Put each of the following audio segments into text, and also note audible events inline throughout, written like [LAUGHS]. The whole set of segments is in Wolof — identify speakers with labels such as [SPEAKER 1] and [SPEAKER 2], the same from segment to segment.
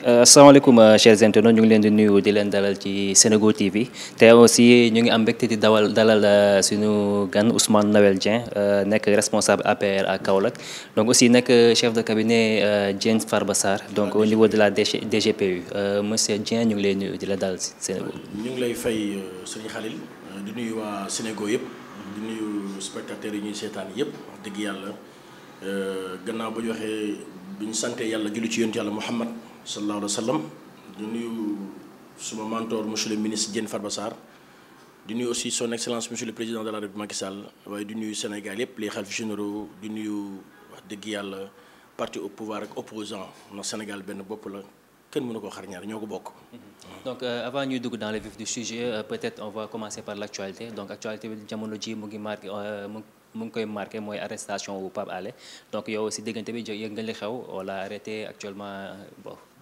[SPEAKER 1] Euh, asalaamaaleykum euh, chers internautes ñu ngi leen di nuyu di leen dalal ci Senego TV te aussi ñu ngi am mbégte di dawal dalal euh, suñu gan Ousmane Noël Dieng nekk responsable APR ak Kaolack donc aussi nekk chef de cabinet Dieng Farba Sarr donc au niveau de la DGPU monsieur Dieng ñu ngi leen nuyu di la dalal ci Senego.
[SPEAKER 2] ñu ngi lay fay sëñ Khalil di nuyu waa Senego yëpp di nuyu spectateurs yi ñuy seetaan yëpp wax dëgg yàlla gannaaw bu ñu waxee bu ñu yàlla julli ci yonent yàlla Muhammad sallallahu alayhi wa sallam di nuyu suma mentor monsieur le ministre Diène Farba Sarr du nuyu aussi son excellence monsieur le président de la République Macky Sall waaye di nuyu Sénégal yëpp les xalif généraux di nuyu wax dëgg yàlla parti au pouvoir ak opposant na Sénégal benn bopp la kenn mënu ko xar ñoo ko bokk. Mhm. donc euh, avant ñuy dugg dans le vif du sujet
[SPEAKER 1] euh, peut-être on va commencer par l'actualité donc actualité bi jamono ji mu ngi marqué euh, mu ngi koy marqué mooy arrestation wu Pape Alé yow aussi diggante bi nga li xew wala arrêté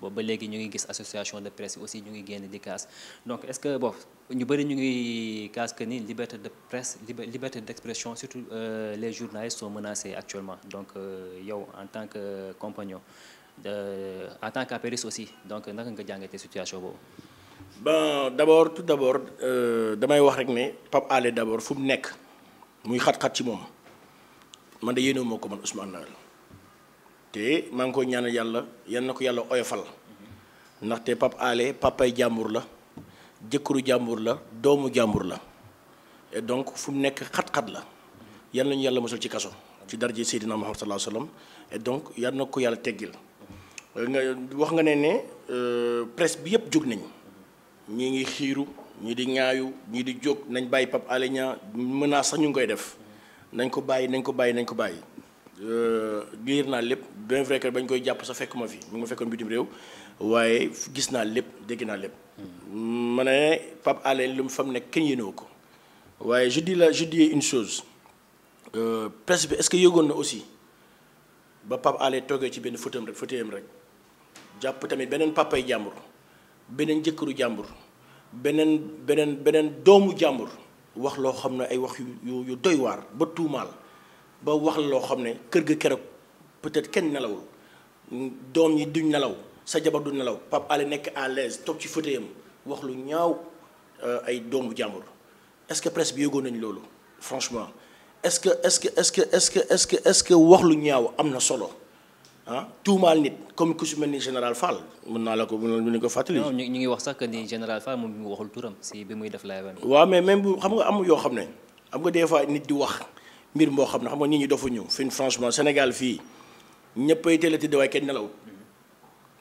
[SPEAKER 1] boobu ba léegi ñu ngi gis association de presse aussi ñu ngi génn di kaas donc est-ce que bon ñu bëri ñu ngi kaas que ni liberté de presse liberté d'expression surtout euh, les journalistes sont menacés actuellement donc euh, yow en tant que compagnon euh, en tant qu'apériste aussi donc naka nga jàngatee situation boobu.
[SPEAKER 2] bon d'abord tout d'abord damay wax rek ne Pape Alé d'abord fu mu nekk muy xat-xat ci moom man de yéenoo moo ko man Ousmane Nawel. te maa ngi koy ñaanal yàlla yan na ko yàlla oyofal ndaxte Pape Alé papay jàmbur la jëkkëru jàmbur la doomu jàmbur la et donc fu mu nekk xat-xat la yan nañu yàlla mosal ci kaso ci darje Seydina Muhammad sallallahu alayhi wasallam et donc yan na ko yàlla teggil wax nga ne ne euh, presse bi yëpp jóg nañ ñi ngi xiiru ñi di ñaayu ñi di jóg nañ bàyyi Pape Alé mën naa sax ñu ngi koy def nañ ko bàyyi nañ ko bàyyi nañ ko bàyyi Euh, liir naa lépp bien vrai que bañ koy jàpp sa fekk ma fi mu ma fekkoon bitim réew waaye gis naa lépp dégg naa lépp. Hmm. ma ne Pape Alé lu mu fa mu kenn yéenewu ko waaye je la je dis une chose euh, presse bi est-ce que yëgoon na aussi ba Pape Alé ci benn fauteuil rek fauteuilam rek jàpp tamit beneen papay jàmbur beneen jëkkëru jàmbur beneen beneen beneen doomu jàmbur wax loo xam ne ay wax yu yu doy waar ba tuumaal. ba wax la loo xam ne kër ga keroog peut-être kenn nelawul doom yi duñ nelaw sa jabar du nelaw Pape Alé nekk à l'aise toog ci fauteuil am wax lu ñaaw euh, ay doomu jàmbur est-ce que nañ loolu franchement est-ce que est-ce que est-ce que est-ce que est-ce que est-ce que wax lu ñaaw am na solo tuumaal nit comme ku si mel ni général Fall mën naa la ko mën nañu ko fàttali. non ñu
[SPEAKER 1] ngi wax sax que ni général Fall moom mi waxul turam si bi muy def live.
[SPEAKER 2] waaw mais même bu xam nga am yoo xam ne am nga des fois nit di wax. mbir mboo xam ne xam nga nit ñi dofuñu fin franchement Sénégal fii ñëppay teel a tëdd waaye kenn nelawut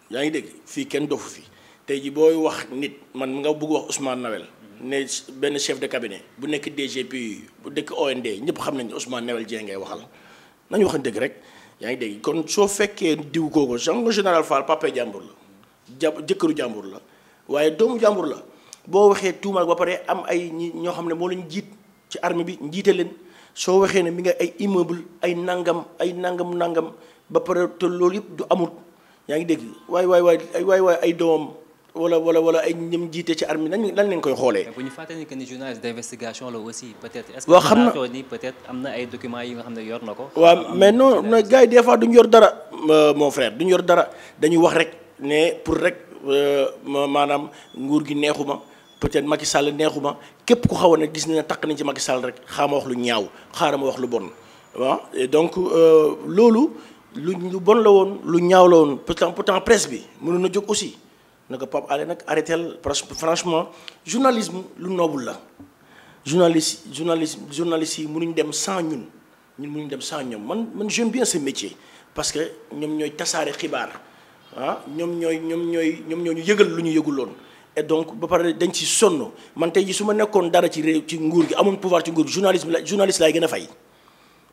[SPEAKER 2] yaa ngi dégg fii kenn dofu fii tey ji booy wax nit man nga bëgg wax Ousmane Nawel ne benn chef de cabinet bu nekk DGPU bu dëkk OND ñëpp xam nañ Ousmane Nawel Dieng ngay waxal nañu waxan dëgg rek yaa ngi dégg kon soo fekkee diw kooku genre général Fall papa jàmbur la ja jëkkëru jàmbur la waaye doomu jàmbur la boo waxee tuumal ba pare am ay ñoo xam ne moo leen jiit ci armée bi njiite leen soo waxee ne mi nga ay immeuble ay nangam ay nangam nangam ba pare te loolu yëpp du amul yaa ngi dégg waaye waay waay ay waay waay ay doomam wala wala wala ay ñëm jiite ci armée nan lan lañ koy xoolee. bu
[SPEAKER 1] ñu fàttali que ni journaliste d'investigation la aussi peut-être. est-ce xam naa ni peut-être am na ay documents yi nga xam ne
[SPEAKER 2] yor na ko. waaw mais non non gars yi des fois duñ yor dara. Euh, mon frère duñ yor dara dañuy wax rek ne pour rek euh, maanaam nguur gi neexuma peut-être Macky Sall neexuma képp ku xaw a ne gis na takk nañ ci Macky Sall rek xaama wax lu ñaaw xaarama wax lu bon waaw donc euh, loolu lu lu bon la woon lu ñaaw la woon pourtant pourtant presse bi mënoon na jóg aussi na ko Pape Alé nag arrêté parce que franchement journalisme lu noble la journaliste journaliste journaliste yi mënuñ dem sans ñun ñun mënuñ dem sans ñoom man man j'aime bien ce métier parce que ñoom ñooy tasaare xibaar ah ñoom ñooy ñoom ñooy ñoom ñoo ñu yëgal lu ñu yëguloon et donc ba pare dañ ci sonn man tey ji su ma nekkoon dara ci réew ci nguur gi amoon pouvoir ci nguur gi journalisme la journaliste laay gën a fay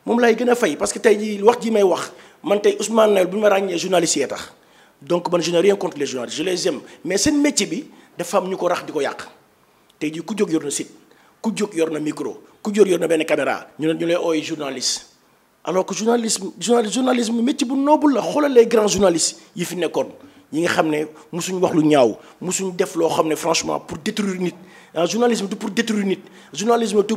[SPEAKER 2] moom lay gën a fay parce que tey ji wax ji may wax man tey Ousmane Noël bu ma ràññee journaliste yee tax donc man je n'ai rien contre les journalistes mais seen métier bi dafa am ñu ko rax di ko yàq tey ji ku jog yor na site ku jóg yor na micro ku jóg yor na benn caméra ñu ne ñu lay ooy journaliste alors que journalisme journalisme métier bu noble la xoolal les grands journalistes yi fi nekkoon yi nga xam ne musuñ wax lu ñaaw musuñ def loo xam ne franchement pour détruire nit ah journalisme du pour détruire nit journalisme du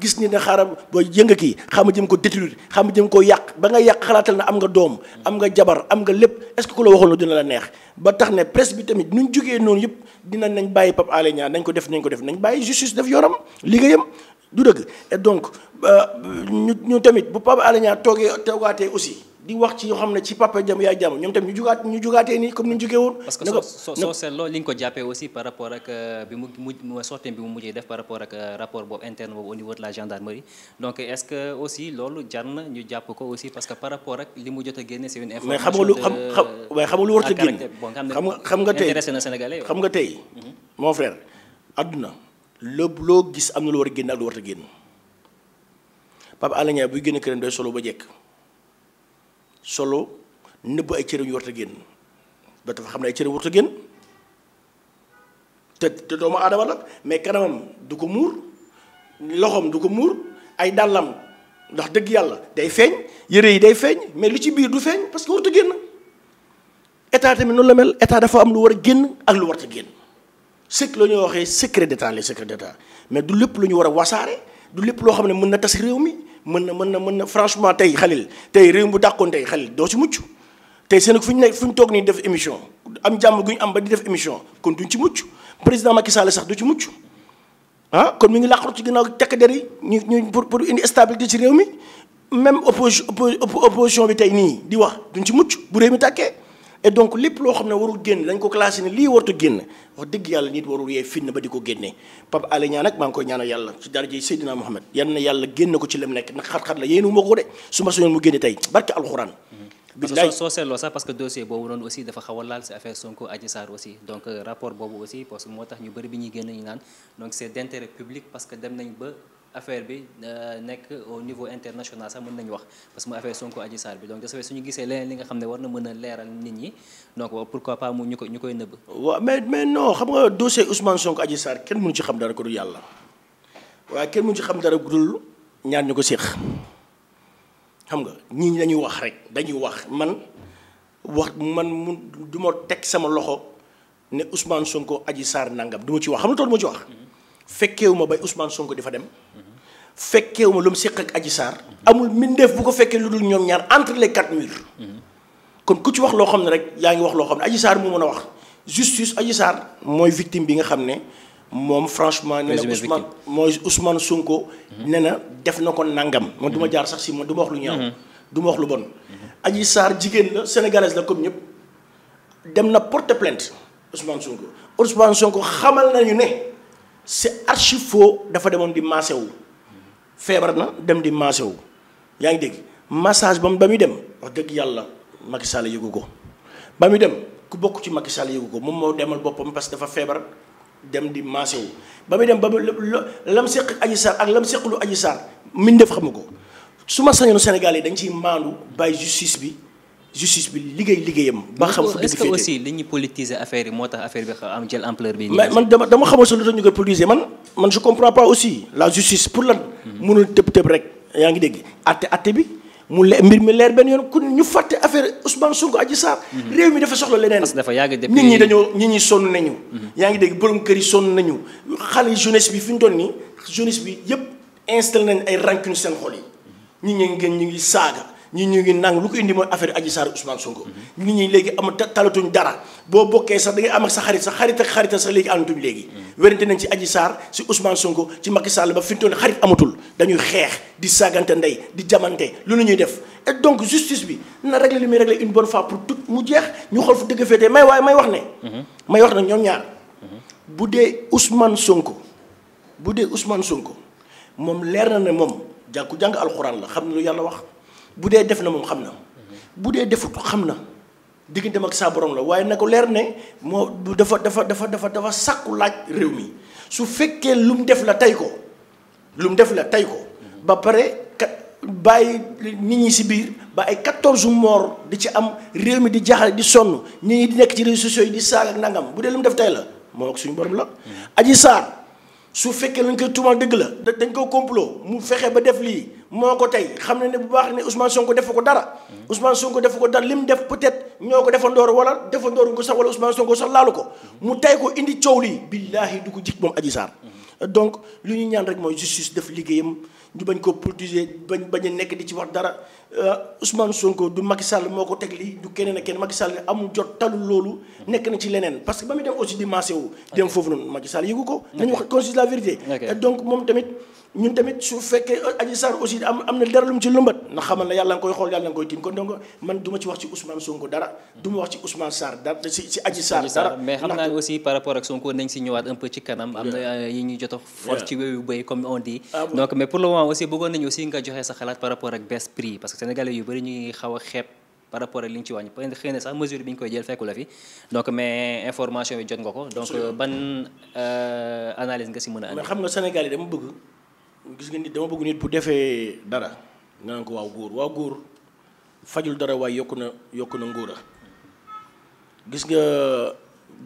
[SPEAKER 2] gis ni ne xaaral ba yënga ki xam nga jëm ko détruire xam nga jëm ko yàq ba nga yàq xalaatal na am nga doom am nga jabar am nga lépp est-ce la waxoon la dina la neex ba tax ne presse bi tamit ñu jógee noonu yëpp dina nañ bàyyi Pape Alé Niang nañ ko def nañ ko def nañ bàyyi justice def yoram liggéeyam du dëgg et donc euh, ñu ñu tamit bu Pape Alé Niang toogee toogaatee aussi di wax ci yoo xam ne ci papa jam yaay jam ñoom tam ñu jugaat ñu jugaatee nii comme ni ñu jugee woon. parce que soo soo
[SPEAKER 1] seetloo euh, mu mu sortie bi mu mujjee def par rapport ak euh, rapport boobu interne boobu au niveau de la gendarmerie que aussi loolu jar na ñu jàpp ko aussi parce que par rapport ak li mu jot a génne mais xam nga lu xam nga lu a génn. xam nga xam na Sénégalais mm-hmm.
[SPEAKER 2] mon frère adduna lépp loo gis am na lu war a génn ak lu war a génn Pape Alé Niang buy génn këram day solo ba jekk solo nëbb ay cëram yu warta génn ba dafa xam ne ay cëram warta génn te te doomu aadama la mais kanamam du ko muur loxoom du ko muur ay dàllam ndax dëgg yàlla day feeñ yére yi day feeñ mais lu ci biir du feeñ parce que warta génn état tamit noonu la mel état dafa am lu war a génn ak lu warta génn sëkk la ñuy waxee secret d'état les secret d'état mais du lépp lu ñu war a wasaare du lépp loo xam ne mën na tas réew mi mën na mën na mën na franchement tey xalil tey réew bu dàqoon tey xalil doo ci mucc tey seen fu ñu nekk fu ñu toog nii def émission am jàmm gu ñu am ba di def émission kon duñ ci mucc président Macky Sall sax du ci mucc ah kon mi ngi làqatu ci ginnaaw tekk der yi ñu ñu pour pour indi stabilité ci réew mi même opposition opposition bi tey nii di wax duñ ci mucc bu réew mi tàkkee. e donc lépp loo xam ne warul génn dañ ko classé ne lii wartu génn wax dëgg yàlla nit warul yee fitna ba di ko génnee Pape Alé Niang nag maa ngi koy ñaanal yàlla ci daraja Seydina Mohamed yal na yàlla génn ko ci lam nekk ndax xat-xat la yéenu ma ko de su ma
[SPEAKER 1] mm-hmm. soo seetloo sax parce que dossier boobu noonu aussi dafa xaw a laal si affaire Sonko Adji Sarr aussi donc euh, rapport boobu aussi parce que moo tax ñu bëri bi ñuy génn ñu naan donc c'est d'intérêt public affaire bi euh, nekk au niveau international sax mën nañu wax parce que mu affaire Sonko Adji Sarr bi donc de ce fait suñu gisee leneen li nga xam ne war na mën a leeral nit ñi donc
[SPEAKER 2] pourquoi pas mu ñu ko ñu koy nëbb. waaw mais mais non xam nga dossier Ousmane Sonko Adji Sarr kenn mënu ci xam dara ko dul yàlla kenn mënu ci xam dara ko dul ñaar ñu ko séq xam nga ñii dañuy wax rek dañuy wax man wax man mu du ma teg sama loxo ne Ousmane Sonko Adji Sarr nangam du ci wax xam nga tool ma ci wax. Mm-hmm. fekkeewu ma bay Ousmane Sonko di fa dem fekkeewu ma lu mu séq ak Adji amul mbindeef bu ko fekkee lu dul ñoom ñaar entre les quatre murs kon ku ci wax loo xam ne rek yaa ngi wax loo xam ne Adji Sarr mu mën a wax justice Adji Sarr mooy victime bi nga xam ne moom franchement nee na Ousmane mooy Ousmane Sonko mhm. ne na def na ko nangam moom du ma mhm. jaar sax si moom du ma wax lu ñaaw mhm. du ma wax lu bon Adji Sarr jigéen la sénégalaise la comme ñëpp dem na porter plainte Ousmane Sonko Ousmane Sonko xamal nañu c'est archi faux dafa demoon di massé wu feebar na dem di massé wu yaa ngi dégg massage ba ba muy dem wax dëgg yàlla Macky Sall yëgu ko ba muy dem ku bokk ci Macky Sall yëgu ko moom moo demal boppam parce que dafa feebar dem di massé wu ba muy dem ba la lam séq aji Sarr ak lam séqlu aji Sarr min def xamu ko su ma sañoon Sénégal yi dañ ciy maandu bàyyi justice bi justice bi liggéey liggéeyam. ba xam fu est-ce que aussi
[SPEAKER 1] li ñu politiser affaire yi moo tax affaire bi am jël ampleur bi. mais man
[SPEAKER 2] dama dama xamul sax lu tax ñu koy man man je comprends pas aussi la justice pour lan. mënul mhm. tëb tëb rek yaa ngi dégg. àtte àtte bi mu le mbir mi leer benn yoon ku ñu fàtte affaire Ousmane Sonko Adji Sarr. Mhm. réew mi dafa soxla leneen. parce dafa
[SPEAKER 1] yàgg depuis nit ñi dañoo
[SPEAKER 2] nit ñi sonn nañu. Mhm. yaa ngi dégg borom kër yi sonn nañu xale jeunesse bi fi ñu doon nii jeunesse bi yëpp installé nañ ay rancune seen xol yi nit ñi ngeen ñu ngi saaga ñi ñu ngi nang lu ko indi mooy affaire Adji Sarr Ousmane Sonko nit ñi léegi am talatuñ dara boo bokkee sax da ngay am sa xarit sax xarit ak xarita sax léegi amatuñ léegi werante nañ ci Adji Sarr si Ousmane Sonko ci Macky Sall ba fintoon xarit amatul dañuy xeex di saagante ndey di jamante lu la ñuy def et donc justice bi na régler li muy régler une bonne fois pour tout mu jeex ñu xool fu dëgg féetee may waaye may wax ne mm-hmm. may wax ne ñoom ñaar mm-hmm. bu dee Ousmane Sonko bu dee Ousmane Sonko moom leer na ne moom jàng ku jàng alxuraan xam ne lu yàlla wax bu dee def na moom xam na bu dee defut xam na digganteem ak saa borom la waaye na ko leer ne moo dafa dafa dafa dafa dafa sàkku laaj réew mi su fekkee lu mu def la tey ko lu def la tey ko ba pare kat bàyyi nit ñi si biir ba ay 14 morts di ci am réew mi di jaaxale di sonn nit ñi di nekk ci réseaux sociaux yi di saag ak nangam bu dee lu def tey la moo ak suñu borom la aji saar su fekkee lañ koy tuumal dëgg la. dañ ko complot mu fexe ba def lii moo ko tey xam na ne bu baax ne Ousmane ko defu ko dara. Ousmane ko def ko dara li mu def peut-être ñoo ko defandoor wala defandoor ko sax wala Ousmane ko sax laalu ko mu tey ko indi coow lii billaahi du ko jik moom Adji Sarr donc lu ñu ñaan rek mooy justice def liggéeyam. ñu bañ ko politiser bañ bañ nekk di ci wax dara euh, Ousmane Sonko du Macky moo ko teg lii du keneen ak keneen Macky Sall amul jot talu euh, am na dara lu ci lëmbat ndax xamal na yàlla nga koy xool yàlla nga koy tiim kon donc man du ci wax ci Ousmane Sonko dara du wax ci Ousmane Sarr dara si si Adji mais xam naa
[SPEAKER 1] aussi par rapport ak Sonko nañ si ñëwaat un peu ci kanam am na euh, yi ñuy jot a for ci wéyu béy comme on dit ah donc mais pour le Maman aussi bëggoon nañu aussi nga joxe sa xalaat par rapport ak baisse prix parce que sénégalais yu bëri ñu ngi xaw a xeeb par rapport ak li ñu ci wàññi xëy na sax mesure ñu koy jël fekku la fi donc mais nga ko. Euh, euh, si mën a. mais xam
[SPEAKER 2] nga Sénégal yi bëgg gis nga nit dama bëgg nit bu defee dara nga waaw góor waaw góor fajul dara waaye yokk na yokku na ngóora gis nga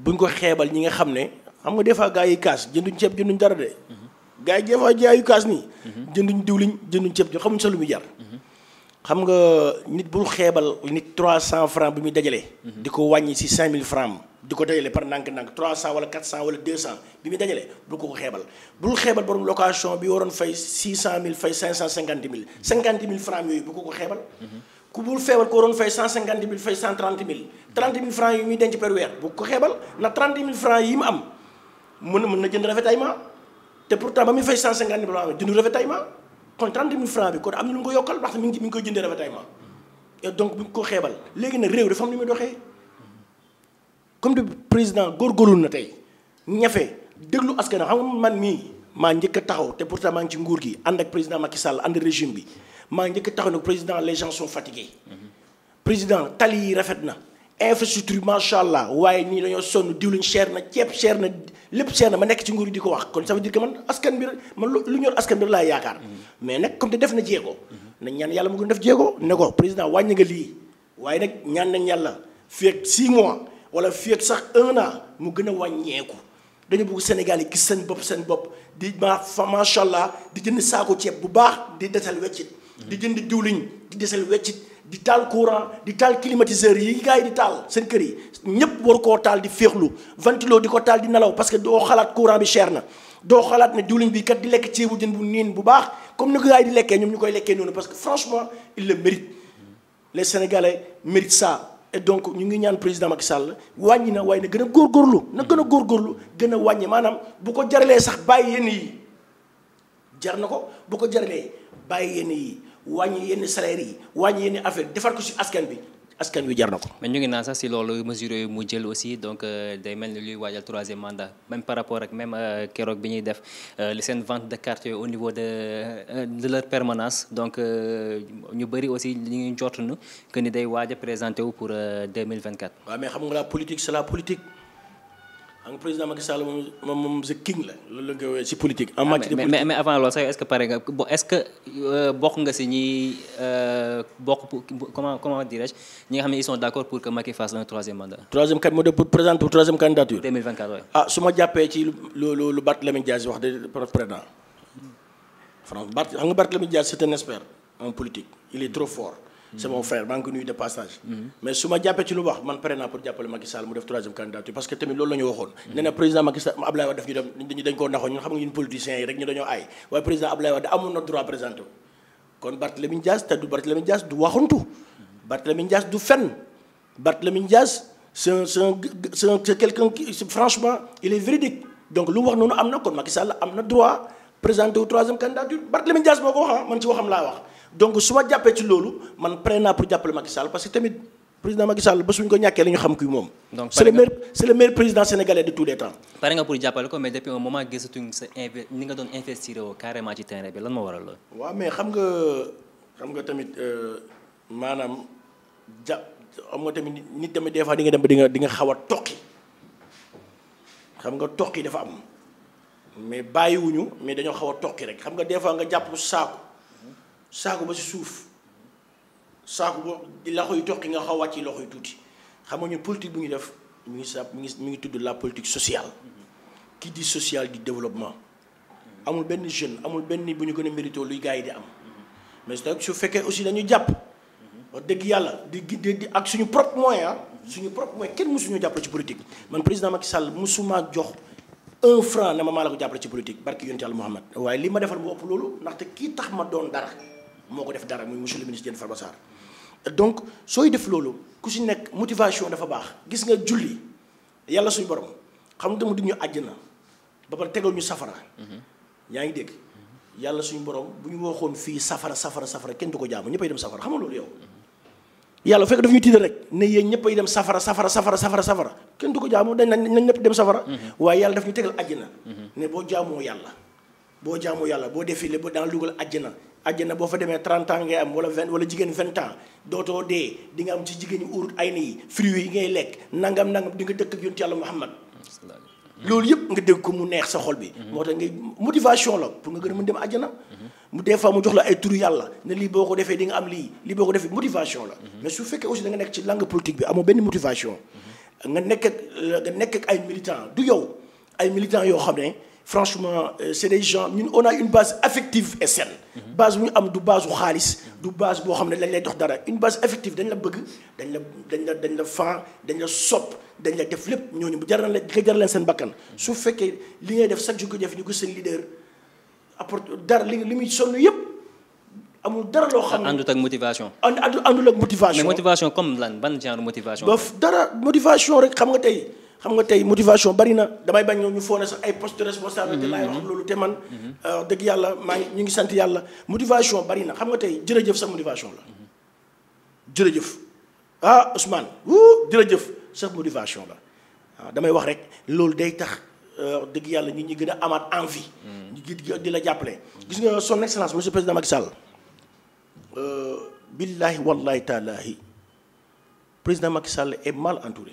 [SPEAKER 2] buñ ko xeebal ñi nga xam ne xam nga des fois gars yi kaas jënduñ ceeb jënduñ dara de. Mhm. gars yi des fois jaayu kaas nii. Mhm. jënduñ diwliñ jënduñ ceeb ñu xamuñ sa lu muy jar. Mhm. xam nga nit bul xeebal nit 300 francs bi muy dajale. Mhm. di ko wàññi si 5000 francs di ko dajale par ndànk-ndànk 300 wala 400 wala 200 bi muy dajale bul ko ko xeebal. bul xeebal borom location bi waroon fay 600000 fay 550000 50000 francs yooyu bu ko ko xeebal. ku bul feebal ko waroon fay 150000 fay 130000 30000 francs yi muy denc per weer bu ko xeebal am mën na mën na jënd rafetay ma. te pourtant ba muy fay 150 mille francs jëndu ravitaillement kon 30 mille francs bi kon am na lu mu ko yokkal wax mi ngi mi ngi koy jëndee ravitaillement et donc bu ko xeebal léegi nag réew dafa am lu muy doxee comme de président góor góorgóorlu na tey ñafe déglu askan xam nga man mii maa njëkk taxaw te pourtant maa ngi ci nguur gi ànd ak président Macky Sall ànd régime bi maa njëkk a taxaw nag président les gens sont fatigués mm-hmm. président tali yi rafet na infrastructure macha allah waaye ñii dañoo sonn diwlin cher na ceeb cher na lépp cher na ma nekk ci nguur di ko wax kon ça veut dire man askan bi man lu ñor askan bi laa yaakaar. mais nag comme te def na jéego. nañ ñaan yàlla mu gën def jéego ne ko président wàññi nga lii waaye nag ñaan nañ yàlla fii ak mois wala fii sax 1 an mu gën a wàññeeku. dañu bugg Sénégal yi gis seen bopp seen bopp di ma fa macha allah di jënd saako ceeb bu baax di desal weccit. di jënd diwlin di desal weccit. di taal courant di taal climatiseur yi gars yi di taal seen kër yi ñëpp war koo taal di féexlu ventilo di ko taal di nelaw parce que doo xalaat courant bi cher na. doo xalaat ne diwlin bi kat di lekk ci ceebu jën bu niin bu baax comme ni ko gars yi di lekkee ñoom ñu koy lekkee noonu parce que franchement il le mérite les sénégalais méritent ça. et donc ñu ngi ñaan président Macky Sall wàññi na waaye na gën a góor góorlu na gën a góor góorgóorlu gën a wàññi maanaam bu ko jaralee sax bàyyi yenn yi jar na ko bu ko jaralee bàyyi yenn yi wàññi yenn salaire yi wàññi yenn affaire defar ko si askan bi askan wi jar
[SPEAKER 1] na ko. mais ñu sax si loolu mesures yooyu mu jël aussi donc euh, day mel ni luy waajal troisième mandat même par rapport ak même euh, keroog bi ñuy def euh, li seen vente de carte au niveau de de leur permanence donc ñu bëri aussi ñu ngi jot na que ni day waaja a présenté wu pour 2024.
[SPEAKER 2] waaw mais xam nga la politique c'est xam nga président Macky Sall moom moom moom the king la loolu la nga woowee ci politique.
[SPEAKER 1] en ah, matière de politique mais mais avant loolu sax est-ce est euh, euh, xam ne ils sont d'accord pour que Macky fasse un troisième mandat.
[SPEAKER 2] troisième kat moo ah su ma jàppee ci lu lu lu Barthélémy Dias wax de président France Bart xam nga Barthélémy Dias expert en politique il est trop fort. c'est mon frère maa ngi nuyu de passage. Mhm. mais su ma jàppee ci lu wax man pare pour jàppale Macky mu def troisième candidature parce que tamit loolu la waxoon. Mhm. nee na président Macky Sall Abdoulaye Wade daf ñu dem dañ koo naxoon ñun xam nga ñun politiciens yi rek ñu dañoo aay waaye président Abdoulaye Wade amoon na droit présenté kon Barthélémy Dias te du Barthélémy Dias du waxantu mhm. Barthélémy Dias du fenn Barthélémy Dias c'est un c'est un c'est am na kon Macky Sall am na droit wax. Ah, donc su ma jàppee ci loolu man pare naa pour jàppale Macky parce que tamit président Macky Sall ba suñ ko ñàkkee la ñu xam kuy moom. donc c'est le président sénégalais de tous les temps.
[SPEAKER 1] pare nga pour jàppale ko mais depuis un moment gisatuñ sa inve ni nga doon investir woo carrément ci terrain bi lan moo waral loolu.
[SPEAKER 2] waaw mais xam nga tamit euh, maanaam ja xam nga tamit nit tamit des fois di nga dem ba di nga di nga xaw a tokki xam nga tokki dafa am mais bàyyiwuñu mais dañoo xaw a rek xam nga des fois nga jàpp saako. saako ba si suuf saako ba loxo yu toqi nga xaw wàcc loxo yu tuuti xam nga ñu politique bu ñu def mu ngi sa mu ngi mu ngi tudd la politique mm-hmm. social kii di social di développement mm-hmm. amul benn jeune amul benn bu ñu gën a mérito luy gars yi di am mm-hmm. mais su fekkee aussi dañu jàpp wax dëgg yàlla di di ak suñu propre moyen ah. suñu propre moyen kenn mësuñu jàppale ci politique man président Macky Sall mësuma jox un franc ne ma maa la ko jàppale ci politique barki yonent yàlla Muhammad waaye li ma defal mu ëpp loolu ndaxte kii tax ma doon dara moo ko def dara muy monsieur le ministre Diène Farba Sarr donc sooy def loolu ku si nekk motivation dafa baax gis nga julli yàlla suñu borom xam nga mu du ñu àjjana ba pare tegal ñu safara. Mm-hmm. yaa ngi dégg mm-hmm. yàlla suñu borom bu ñu waxoon fii safara safara safara kenn du ko jaamu ñëppay dem safara xam nga loolu mm-hmm. yàlla fekk daf ñu tiital rek ne yéen ñëppay dem safara safara safara safara safara kenn du ko jaamu dañ nañ ñëpp dem safara. waaye yàlla daf ñu tegal àjjana. ne boo jaamoo yàlla. boo jaamoo yàlla boo defile ba daan dugal àjjana àjjana boo fa demee 30 ans ngay am wala 20 wala jigéen 20 ans dootoo dee di am ci jigéen ñi urut ay nii fruits yi ngay lekk nangam nangam di nga dëkk ak yonent yàlla Muhammad loolu yëpp nga dégg ko mu neex sa xol bi. Mhm. moo tax ngay motivation la pour nga gën a mën dem àjjana. Mhm. mu des fois mu jox la ay turu yàlla ne lii boo ko defee di nga am lii lii boo ko defee motivation la. Mhm. mais su fekkee aussi da nga nekk ci langue politique bi amoo benn motivation. nga nekk ak nga nekk ak ay militants du yow ay militants yoo xam ne. franchement euh, c'est des gens ñun on a une base affective et saine. base bu ñu am du base bu xaalis. du base boo xam ne dañ lay dox dara une base affective dañ la bëgg dañ la dañ la dañ la fan dañ la sopp dañ la def lépp ñooñu bu jaral la nga jaral leen seen bakkan. su fekkee li ngay def chaque jour ko def ñu ko seen leader apporte dara li li muy sonn yëpp amul dara loo xam ne.
[SPEAKER 1] àndut ak motivation.
[SPEAKER 2] ànd àndul ak motivation. mais
[SPEAKER 1] motivation comme lan ban genre motivation.
[SPEAKER 2] dara motivation rek xam nga tey. xam nga tey motivation bari na damay bañ ñoo ñu foone sax ay poste de responsabilité laay wax mhm. loolu te man mhm. euh, dëgg yàlla maa ñu ngi sant yàlla motivation bari na xam nga tey jërëjëf sa motivation la mhm. jërëjëf ah Ousmane wuu jërëjëf sa motivation la ah, damay wax rek loolu day tax euh, dëgg yàlla ñi ñi gën a amaat envie ñi di la jàppale gis nga son excellence monsieur président Macky Sall euh, billaahi wallaahi taalaahi président Macky Sall est mal entouré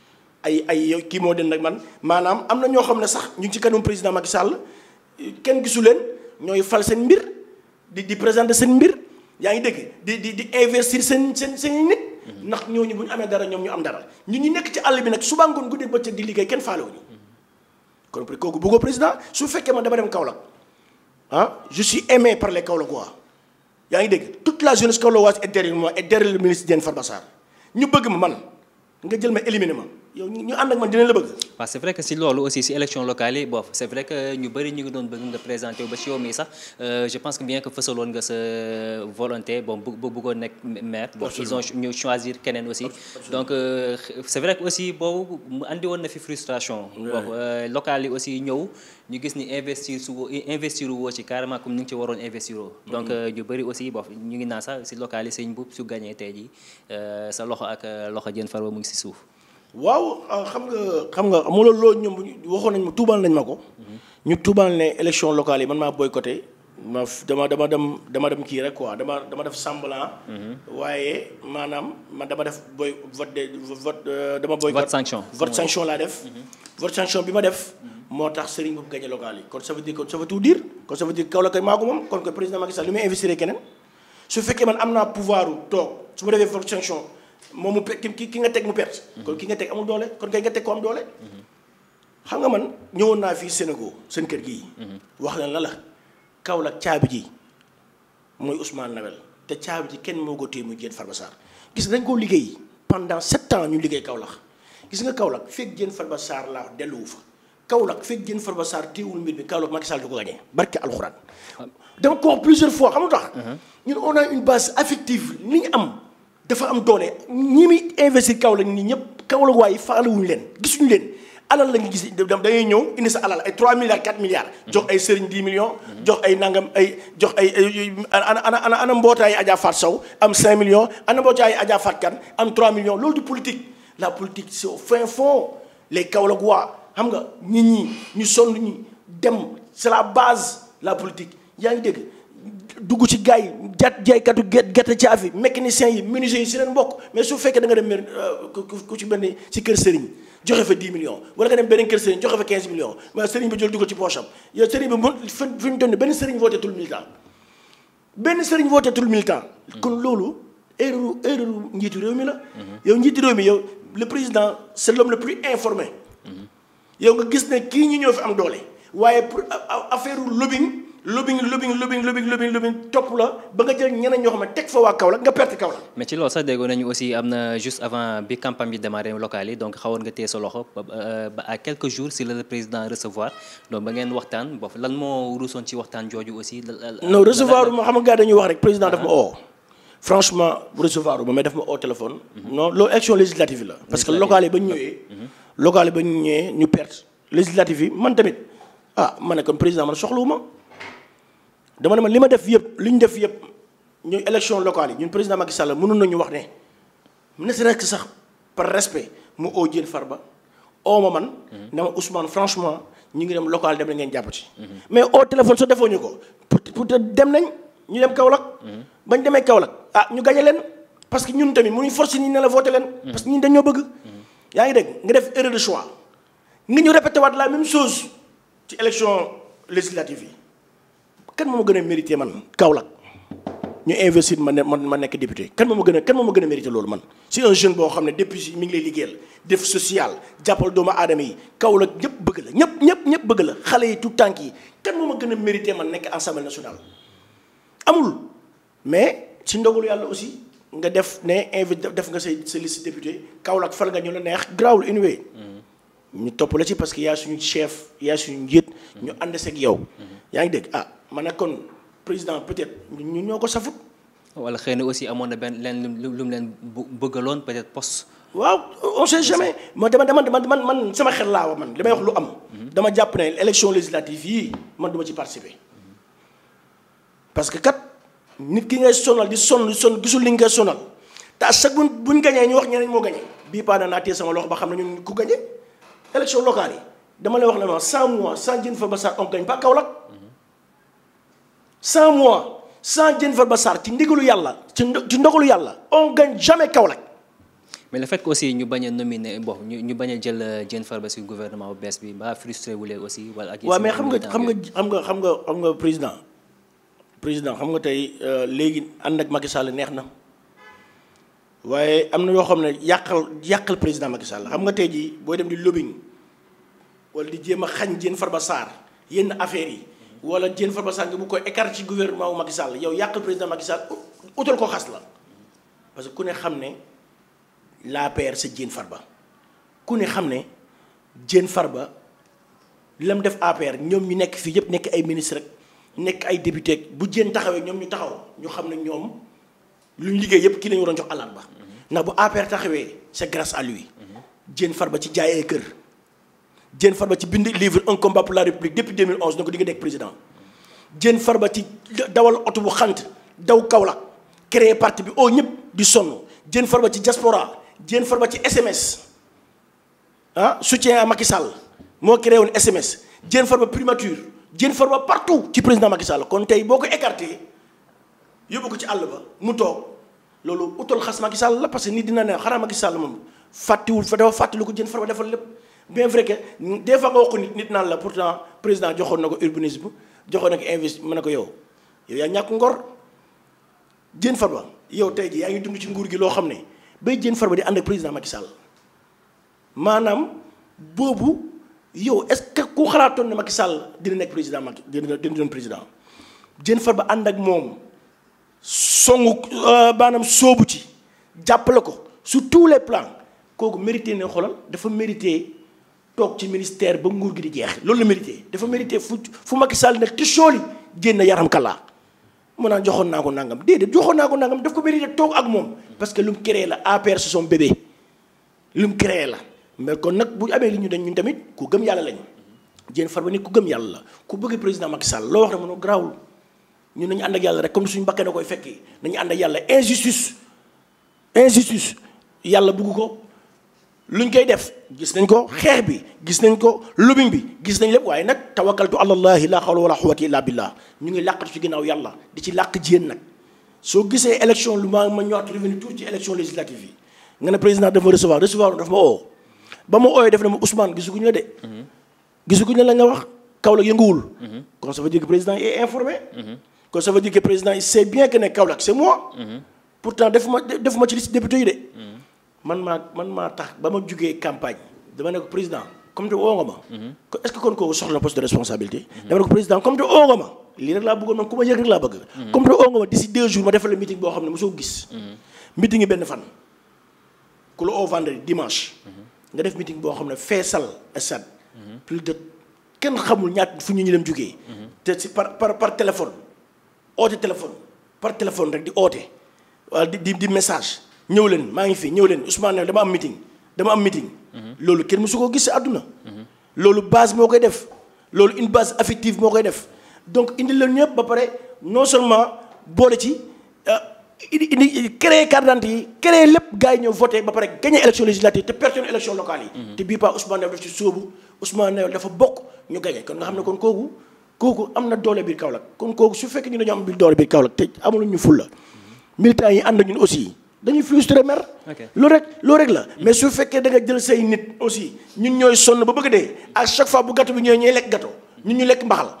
[SPEAKER 2] ay ay kii moo dem ak man maanaam am na ñoo xam ne sax ñu ngi ci kanam président Macky Sall kenn gisuleen ñooy fal seen mbir di di présenter seen mbir yaa ngi dégg di di di investir seen seen seen nit. Mhm. ndax ñoo ñu bu ñu amee dara ñoom ñu am dara ñu ñu nekk ci àll bi nag suba ngoon guddi bëccëg di liggéey kenn faale wu ñu. Mhm. kon kooku bëggoo président su fekkee ma dama dem Kaolack ah je suis aimé par les Kaolackois yaa ngi dégg tout la jeunesse kaolackoise est derrière moi et derrière le ministre Diène Farba Sarr ñu man nga jël ma éliminer ma. yow ñu ànd ak man dinañ la bëgg.
[SPEAKER 1] waaw c'est vrai que si loolu aussi si élection locale yi boof c'est vrai que ñu bëri ñu ngi doon bëgg nga présenté wu ba si yow sax euh, je pense que bien que fësaloon nga sa volonté bon bu bëggoon nekk maire. bon ils ont ñu keneen aussi. donc euh, c'est vrai aussi boobu mu andi woon na fi frustration. boof euh, locale yi aussi ñëw ñu gis ni investir su investir woo ci carrément comme ni nga ci waroon investir woo. Mm-hmm. donc ñu bëri aussi boof ñu ngi naan sax si locale yi sëñ bu su gagné tey jii sa loxo ak loxo jën farba mu ngi si suuf.
[SPEAKER 2] waaw ah, xam nga xam nga mu la loolu ñoom waxoon nañ ma tuubal nañ ma ko. Mhm. ñu tuubal ne élection locale yi man maa côté ma dama dama dem dama dem kii rek quoi dama dama def semblant. Mhm. waaye maanaam man dama def boy vote euh, dama. boycott vote sanction vote sanction laa def. Mhm. vote sanction bi ma def. moo tax Serigne Mboup gagné local yi kon ça veut dire kon ça veut tout dire kon ça veut dire Kaolack maa ko moom kon que président Macky li muy investir keneen su fekkee man am naa pouvoir toog su ma defee vote sanction. moom mu ki ki nga teg mu perte. Mhm. kon ki nga teg amul doole kon kay nga teg ko am doole. Mhm. xam nga man ñëwoon naa fii Sénégal seen kër gi mhm. wax na la la Kaolack caabi ji mooy Ousmane Nawel te caabi ji kenn moo ko mu muy Diène Farba Sarr gis nañ koo liggéey pendant sept ñu liggéey Kaolack gis nga Kaolack fekk Diène ba Sarr la delluwu fa. Kaolack fekk Diène Farba Sarr téewul mbir mi Kaolack Macky Sall du ko gagné barke alxuraan. Ah. dama ko plusieurs fois xam tax ñun on a une base affective li ñu am. dafa am doole ñii muy investir Kaolack nii ñëpp Kaolack waaye faalewuñu leen gisuñu leen alal la nga gis da ngay ñëw indi sa alal ay 3 milliards 4 milliards. Mm-hmm. jox ay sëriñ 10 millions. jox ay nangam ay jox ay ana ana ana mbootaayu Adja Fatou Sow am 5 millions ana mbootaayu Adja Fatou Kane am 3 millions loolu du politique la politique c'est au fin fond les Kaolack waa xam nga nit ñi ñu sonn ñi dem c'est la base la politique yaa ngi dégg. dugg ci gars yi ja jaaykatu gerte caaf yi mécanicien yi menuisier yi si leen mbokk mais su fekkee danga dem mer euh, ku ci benn si kër sëriñ joxe fa 10 millions wala nga dem beneen kër sëriñ joxe fa 15 millions waaye sëriñ bi jël dugal ci poche am yow sëriñ bi mu fi ñu doon benn sëriñ wooteetul militant benn sëriñ wooteetul militant. kon loolu erreur erreur njiitu réew mi la. Mhm. yow njiitu réew mi yow le président c'est l'homme le plus informé. Mhm. yow nga gis ne kii ñu ñëw fi am doole waaye pour affaire lobbying. lobbying lobbying lobbying lobbying la ba nga jël ñeneen ñoo xam ne teg fa waa Kaolack nga perte Kaolack.
[SPEAKER 1] mais ci loolu sax déggoo nañu aussi am na juste avant bi campagne bi démarré locale yi donc xawoon nga téye sa loxo ba à quelques jours si la le président recevoir donc ba ngeen waxtaan boof lan moo ruusoon ci waxtaan jooju aussi. non recevoir wu
[SPEAKER 2] ma xam nga dañuy wax rek président daf ma ah ah. oo. franchement recevoir wu ma mais daf ma oo téléphone. Mhm. non loolu action législative la. parce que locale yi ba ñu ñëwee. Mhm. Mhm. locale ñu ñëwee ñu man tamit ah ma ne kon président man soxlawu ma. dama ne ma li ma def yëpp li ñu def yëpp ñuy élection locale yi ñun président Macky Sall mënoon nañu wax ne ne serait-ce que sax par respect mu oo Diène Farba oo ma man. Mhm. ne ma Ousmane franchement ñu ngi dem local dem na ngeen jàpp ci. Mhm. mais au téléphone soo defoo ñu ko pour dem nañ ñu dem Kaolack. Mhm. bañ demee Kaolack ah ñu gañe leen parce que ñun tamit mu mënuñ force ñi ne la voté leen. parce que ñun dañoo bëgg. yaa ngi dégg nga def erreur de choix nga ñu répété waat la même chose ci élection législative yi. kan moo ma gën a mérité man Kaolack ñu investir ma ne man ma nekk député kan moo ma gën a kan moo gën a mérité loolu man si un jeune boo xam ne depuis mi ngi lay liggéeyal def social jàppal doomu aadama yi Kaolack ñëpp bëgg la ñëpp ñëpp ñëpp bëgg la xale yi tout tànk yi kenn moom ma gën a mérité man nekk assemblée national amul mais si ndogalu yàlla aussi nga def ne invité def nga say sa liste député Kaolack fal nga ñu la neex grawul une ñu topp la ci parce que yaa suñu chef yaa suñu njiit ñu ànd seeg yow mm-hmm. ma ne kon président peut-être ñun ñoo ko safut. wala xëy na aussi amoon na benn leen lu lu mu leen bëggaloon peut-être poste. waaw on sait jamais ma dama dama man man sama xel laa wa man li may wax lu am. Mhm. dama jàpp ne élection législative yii man duma ci participer. Mhm. parce que kat nit ki ngay sonal di sonn di sonn gisul li nga sonal te à chaque buñ buñ gañee ñu wax ñeneen moo gañee bii paa naa téye sama loxo ba xam ne ñun ku gañee élection locale yi dama lay wax ne non 100 mois 100 jën fa on gañ pas Kaolack. Mhm. sans moi sans Jennifer Bassar ci ndigalu yàlla ci ci ndogalu yàlla on gagne jamais Kaolack.
[SPEAKER 1] mais le fekk aussi ñu bañ a nominer bon ñu bañ a
[SPEAKER 2] jël euh, Jennifer Bassar ci gouvernement bu bees bi ba frustré wu leen aussi. wala ak waaw mais xam nga xam nga xam nga xam nga xam nga président président xam nga tey euh, léegi ànd ak neex na waaye am na yoo xam ne yàqal yàqal président Macky Sall xam nga tey jii booy dem di lobbying wala di jéem a xañ ba Bassar yenn affaires yi. wala Diène Farba Sall bu koy écarte ci gouvernement wu Macky Sall yow yàq président Macky Sall utal ko xas la parce que ku ne xam ne sa c'est Diène ba ku ne xam ne far ba lam def APR ñoom ñu nekk fii yëpp nekk ay ministre rek nekk ay député bu Diène taxawee ñoom ñu taxaw ñu xam ne ñoom lu ñu liggéey yëpp kii la ñu waroon jox alaat ba ndax bu APR taxawee c'est grâce à lui mhm. far ba ci jaayee kër Diène Farba ci bind livre un combat pour la république depuis 2011 na ko di nga nekk président Diène Farba ci dawal oto bu xant daw Kaolack créer parti bi oo ñëpp di sonn far ba ci diaspora Diène Farba ci SMS ah soutien à Macky Sall moo créé woon SMS Diène Farba primature Diène Farba partout ci président Macky Sall kon tey boo ko écarté yóbbu ko ci àll ba mu toog loolu utal xas Macky Sall la parce que nit dina ne xanaa Macky Sall moom fàttiwul fa dafa fàttali ko Diène Farba defal lépp. bien vrai que des fois nga wax nit nit naan la pourtant président joxoon na ko urbanisme joxoon na ko investi mën na ko yow yaa ñàkk ngor jën Diène Farba yow tey ji yaa ngi dund ci nguur gi loo xam ne bay Diène Farba di ànd ak président Macky Sall maanaam boobu yow est-ce que ku xalaatoon ne Macky Sall dina nekk président Macky dina dina doon président Diène Farba ànd ak moom songu euh, maanaam soobu ci jàppale ko sur tous les plans kooku mérité na xoolal dafa mérité. toog ci ministère ba nguur gi di jeex loolu la mérité dafa mérité fu fu Macky Sall nag te sooli génn yaram kala mu naan joxoon naa ko nangam déedéet joxoon naa ko nangam def ko mérité toog ak moom parce que lu mu créé la APR c'est son bébé lu mu créé la mais kon nag bu amee li ñu dañ ñun tamit ku gëm yàlla lañu Diène Farba ni ku gëm yàlla la ku bëgg président Macky Sall loo wax ne mënoo garaawul ñun nañu ànd ak yàlla rek comme suñ mbakkee na koy fekkee nañu ànd ak yàlla injustice injustice yàlla bugg ko koy def gis nañ ko xeex bi gis nañ ko lubin bi gis nañ lépp waaye nag tawakkaltu alallahi la hawla wala quwwata illa billah ñu ngi làqatu ci ginnaaw yàlla di ci làq jiyéen nag soo gisee élection lu ma ma ñëwaat revenu tuuti ci élection législative yi nga ne président dafa recevoir recevoir dafa ma oo ba ma ooyee def na ma Ousmane gisuguñu la de mhm. gisuguñu la la nga wax Kaolack yënguwul mhm. kon ça veut dire que président est informé mhm. kon ça veut dire que président il ma man maa man maa tax ba ma jógee campagne dama ne ko président comme te woo ma. Mhm. est-ce que kon kooku soxla poste de responsabilité. dama ne ko président comme te woo ma. lii rek laa bëggoon man ku ma yëg rek laa bëgg. Mhm. comme te woo nga ma d'ici deux jours ma defal meeting boo xam ne mosoo gis. Mhm. benn fan. ku la au nga def meeting boo xam ne feesal stade. plus de kenn xamul ñaat fu ñu ñu dem jugee. te si par par par téléphone. oote téléphone par téléphone rek di oote wala di di message. ñëw leen maa ngi fii ñëw leen Ousmane ne dama am meeting dama am meeting. Mhm. loolu kenn mësu koo gis si àdduna. Mhm. loolu base moo koy def loolu une base effective moo koy def donc indi leen ñëpp ba pare non seulement boole ci euh, indi indi créer carte d'identité yi créer lépp gars yi voté ba pare gagné élection législative te pertoon élection locale yi. Mhm. te bii pas Ousmane Noël daf ci sóobu Ousmane Noël dafa bokk ñu gagné kon nga xam ne kon kooku kooku am na doole biir Kaolack kon kooku su fekkee ñu dañoo am biir doole biir Kaolack te amul ñu fulla militants yi ànd ñun aussi. dañuy frustré mer. loolu rek loolu rek la. mais su fekkee da nga jël say nit aussi ñun ñooy sonn ba bëgg dee à chaque fois bu gâteau bi ñëwee ñooy lekk gâteau ñun ñu lekk mbaxal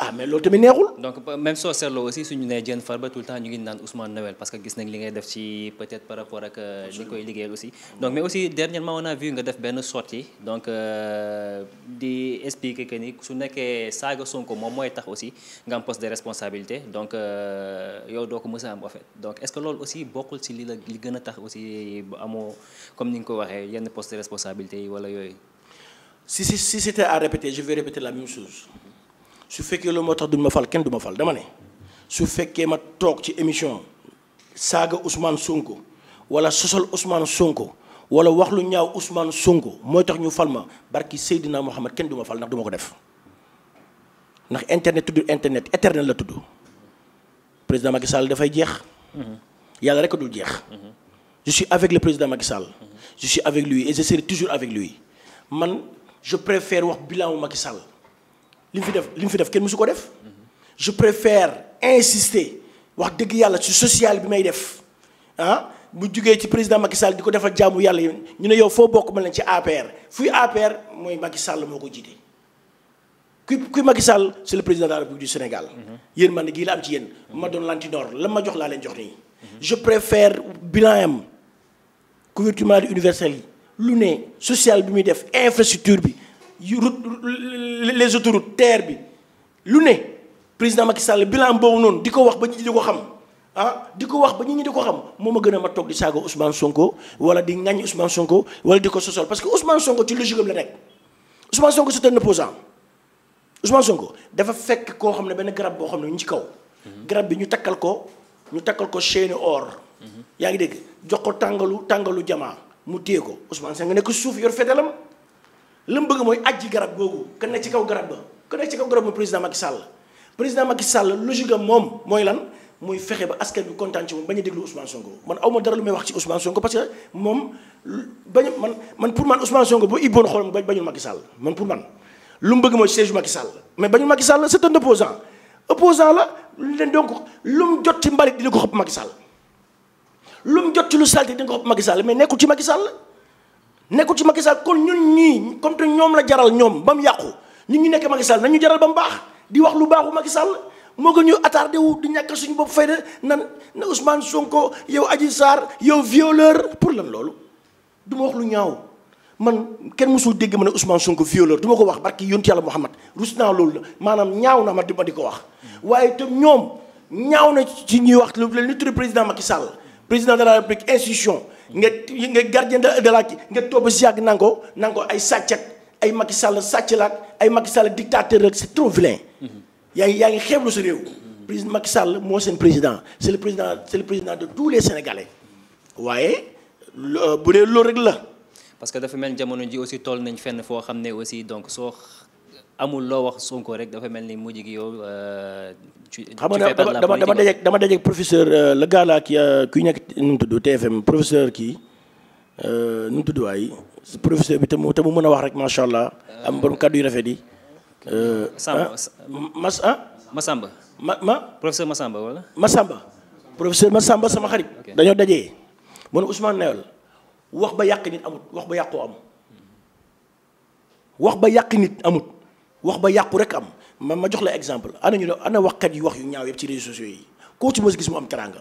[SPEAKER 2] ah mais loolu tamit neexul.
[SPEAKER 1] donc même soo seetloo aussi suñu nee Diène Farba tout le temps ñu ngi naan Ousmane Noël parce que gis nañ li ngay def ci peut par rapport ak. li euh, koy liggéeyal aussi. donc mais aussi dernièrement on a vu nga def benn sortie donc euh, di expliquer que ni su nekkee saaga Sonko moom mooy tax aussi nga am poste de responsabilité donc euh, yow doo ko mës a am en fait donc est-ce que loolu aussi bokkul ci li la li gën a tax aussi ba amoo comme ni nga ko waxee yenn poste de responsabilité
[SPEAKER 2] yi wala yooyu. si si si c'était à répéter je vais répéter la même chose. su fekkee loolu moo tax duñ ma fal kenn du ma fal dama ne su fekkee ma toog ci émission saaga Ousmane Sonko wala sosal Ousmane Sonko wala wax lu ñaaw Ousmane Sonko mooy tax ñu fal ma barki na Mohamed kenn du ma fal ndax duma ko def ndax internet tudd internet éternel la tudd président Macky Sall dafay jeex. Mhm. yàlla rek a dul jeex. Mhm. je suis avec le président Macky Sall. Mhm. je suis avec lui et je toujours avec lui man je préfère wax bilan wu Macky Sall. li mu fi def li mu fi def kenn su ko def je préfère insister wax dëgg yàlla ci sociale bi may def ah bu jugee ci président Macky Sall di ko defal jaamu yàlla yi ñu ne yow foo bokk ma leen ci APR fuy APR mooy Macky Sall moo ko jiite. kuy kuy Macky Sall c'est le président de la du Sénégal. yéen man ne gii la am ci yéen. ma doon lantinoor lan ma jox laa leen jox nii. je préfère bilan am couverture maladie universelle yi lu ne social bi muy def infrastructure bi. route les autoroutes terre bi lu ne président Macky Sall bilan boobu noonu di ko wax ba ñi di ko xam ah di ko wax ba ñu ñi di ko xam moom a gën a ma toog di saaga Ousmane Sonko wala di ŋaññi Ousmane Sonko wala di ko sosol parce que Ousmane Sonko ci logique am la nekk Ousmane Sonko c'est un opposant Ousmane Sonko dafa fekk koo xam ne benn garab boo xam ne ñu ci kaw. garab bi ñu takkal ko ñu takkal ko chaîne or. Mhm. yaa ngi dégg jox ko tàngalu tàngalu jamaa mu téye ko Ousmane Sonko nga nekk suuf yor fetelam. la mu bëgg mooy ajji garab googu ka ne ci kaw garab ba ka ne ci kaw garab ba président i Sall président Macky Sall logique am moom mooy lan muy fexe ba askan bi kontaan ci moom bañ a déglu Ousmane Sonko man aw ma wax ci Ousmane Sonko parce man man pour man Ousmane Sonko bu ibboon xolam ba bañul Macky Sall man pour man lu mu bëgg mooy siège Macky Sall mais bañul Macky Sall c'est un opposant opposant la leen donc lu mu jot ci mbalit dina ko xëpp Macky Sall lu mu jot ci lu salté mais nekkul ci Macky Sall nekkul ci Macky Sall kon ñun ñii comme te ñoom la jaral ñoom ba mu yàqu ñun ñu nekk Macky Sall nañu jaral ba mu baax di wax lu baaxu Macky Sall moo gën ñu attardé wu di ñàkk suñu bopp fayda nan na Ousmane Sonko yow Adji Sarr yow violeur pour lan loolu du ma wax lu ñaaw man kenn mosul dégg ma ne Ousmane Sonko violeur du ma ko wax barki yontu yàlla Muhammad rus naa loolu la maanaam ñaaw na ma di ma di ko wax waaye te ñoom ñaaw na ci ñuy wax lu leen ni tudd président Macky Sall président de la République nga nga gardien de la nga toog ba si yàgg nanga ko ay sàccet ay Macky Sall sàcc la ak ay Macky Sall dictateur ak c'est trop vilain. Mm-hmm. yaa ngi yaa ngi xeeblu sa réew. président Macky Sall moo seen président c'est président c'est président de tous les Sénégalais waaye bu dee loolu rek la. parce que dafa mel jamono
[SPEAKER 1] ji aussi toll nañ fenn foo xam ne aussi donc soo amul loo wax Sonko rek dafa mel ni mujj gi yow. Euh, ci xam nga dama dama dajeeg
[SPEAKER 2] dama dajeeg professeur euh, le gars là ki euh, kuy nekk nu mu tudd TFM professeur kii nu mu tudd waay professeur bi te mu te mu mën a wax rek macha allah. am borom kàddu yu rafet yi. Samba ah, Mas ah. Masamba. ma ma professeur Masamba wala. Masamba. professeur Masamba sama xarit. dañoo dajee. mu ne Ousmane Noël wax ba yàq nit amut wax ba yàqoo am. wax ba yàq nit amut. wax ba yàqu rek am ma ma jox la exemple ana ñu wax waxkat yu wax yu ñaaw yëpp ci réseaux sociaux yi koo ci mos gis moom am teraanga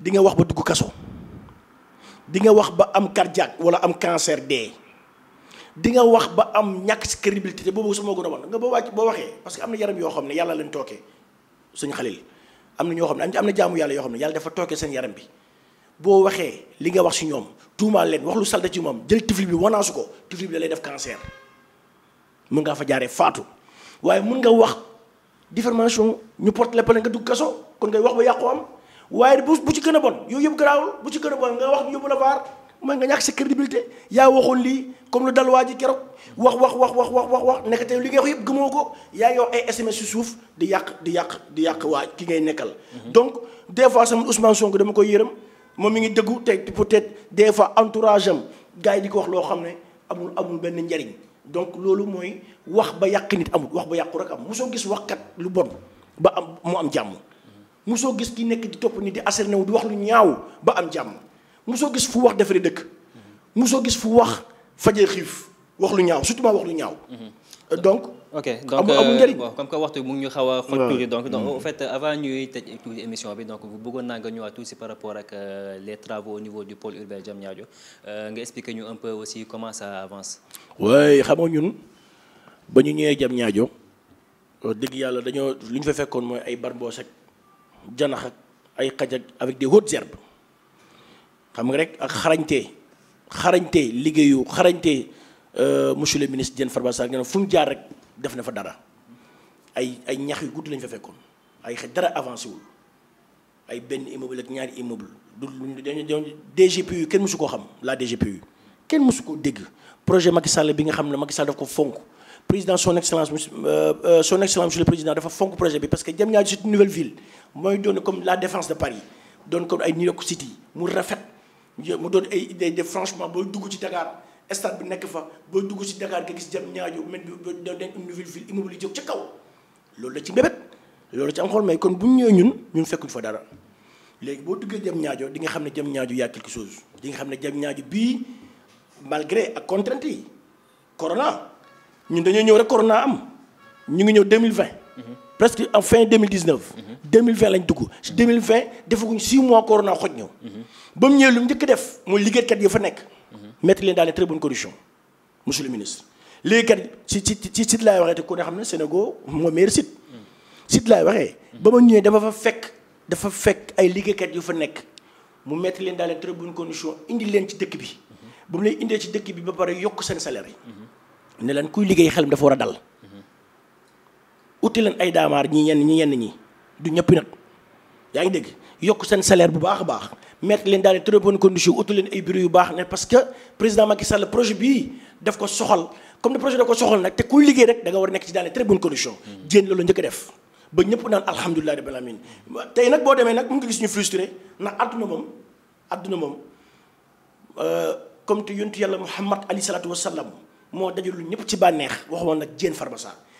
[SPEAKER 2] di nga wax ba dugg kaso di nga wax ba am cardiaque wala am cancer dee di nga wax ba am ñàkk ci crédibilité te boobu su ma gën nga ba wàcc boo waxee parce que am na yaram yoo xam ne yàlla leen tooke suñu xalil am na ñoo xam ne am na jaamu yàlla yoo xam ne yàlla dafa tooke seen yaram bi boo waxee li nga wax si ñoom tuumaal leen wax lu salte ci moom jël tifli bi wanaasu ko tifli bi lay def cancer. mun ngaa fa jaaree faatu waaye mun nga wax diffamation ñu porte la nga dugg kaso kon ngay wax ba yàqu am waaye bu bu ci gën a bon yooyu yëpp garaawul bu ci gën a bon nga wax yóbbu la vaar mooy nga ñàkk sa crédibilité yaa waxoon lii comme lu dal waa ji keroog wax wax wax wax wax wax wax nekk tey li ngay wax yëpp gëmoo ko yaa ngi wax ay SMS si suuf di yàq di yàq di yàq waa ki ngay nekkal. Mhm. donc des fois sama Ousmane Sonko dama koy yërëm moom mi ngi dëggu te peut-être des fois entourage am gars yi di ko wax loo xam ne amul amul benn njariñ. donc loolu mooy wax ba yàq nit amul wax ba yàqu rek am soo gis waxkat lu bon ba am mu am jàmm soo gis ki nekk di topp nit di asserné wu di wax lu ñaaw ba am jàmm mu soo gis fu wax defaree dëkk mu soo gis fu wax fajee xiif wax lu ñaaw surtout wax lu ñaaw mhm. donc
[SPEAKER 1] ok donc amul euh, njëriñ bon mu ñu xaw a xoj tuuti donc mm. fait avant ñuy bi donc bëggoon naa nga ñëwaat tuuti si par rapport ak euh, les travaux au niveau du pôle urbain Diamniadio euh, ñu un peu aussi
[SPEAKER 2] comment ça avance xam nga ñun ba ñu ñëwee ñaajo dëgg yàlla dañoo lu ñu fa fekkoon mooy ay barboos ak janax ak ay xaj ak avec des hautes herbes xam nga rek ak xarañte xarañte liggéeyu xarañte monsieur le ministre Diène Farba Sall ngeen fu mu jaar rek def na fa dara ay ay ñax yu gudd lañ fa fekkoon ay xe dara avancé wul ay benn immeuble ak ñaari immeuble du dañu DGPU kenn mësu koo xam la DGPU kenn mësu koo dégg projet Macky Sall bi nga xam ne Macky Sall ko fonk président son excellence euh, euh, son excellence monsieur le président dafa fonk projet bi parce que Diamniadio c'est une nouvelle ville mooy doon comme la défense de Paris doon comme ay New York City mu rafet mu doon ay idée de franchement dugg ci Dakar stade bi nekk fa boo dugg ci Dakar nga gis jam ñaajo mel bi da dañ une nouvelle ville immeuble yi jóg kaw loolu la ci mbébét loolu ci am xool may kon bu ñëwee ñun ñun fekkuñ fa dara léegi boo duggee jam ñaajo di nga xam ne jam ñaajo yaa quelque chose di nga xam ne jam ñaajo bii malgré ak contrainte yi corona ñun dañoo ñëw rek corona am ñu ngi ñëw 2020 mhm. presque en fin 2019 2020 mhm. lañ dugg si 2020 defaguñ 6 mois corona xoj ñëw mhm. ba mu ñëwee lu njëkk def mooy liggéeykat yi fa nekk mettre leen dans les très bonnes conditions monsieur le ministre. léegi kat ci ci ci site laay waxee te ku ne xam ne Sénégal moo meilleur site. site laay waxee. ba ma ñëwee dafa fa fekk dafa fekk ay liggéeykat yu fa nekk mu mettre leen dans les très bonnes conditions indi leen ci dëkk bi. ba mu lay indee ci dëkk bi ba pare yokk seen salaire yi. ne leen kuy liggéey xelam dafa war a dal. uti leen ay daamaar ñi yenn ñi yenn ñi du ñëpp nag yaa ngi dégg yokk seen salaire bu baax a baax. mettre leen dans les très bonnes conditions utu leen ay bureau yu baax ne parce que président Macky Sall projet bii daf ko soxal comme ne projet da ko soxal nag te kuy liggéey rek da nga war a nekk ci dans les très bonnes loolu njëkk a def ba ñëpp naan alhamdulilah rabbil alamin tey nag boo demee nag mun nga gis ñu frustré ndax àdduna moom àdduna moom euh, comme te yontu yàlla Muhammad alayhi salaatu wa salaam moo dajalu ñëpp ci bànneex waxuma nag jéen Farba Sarr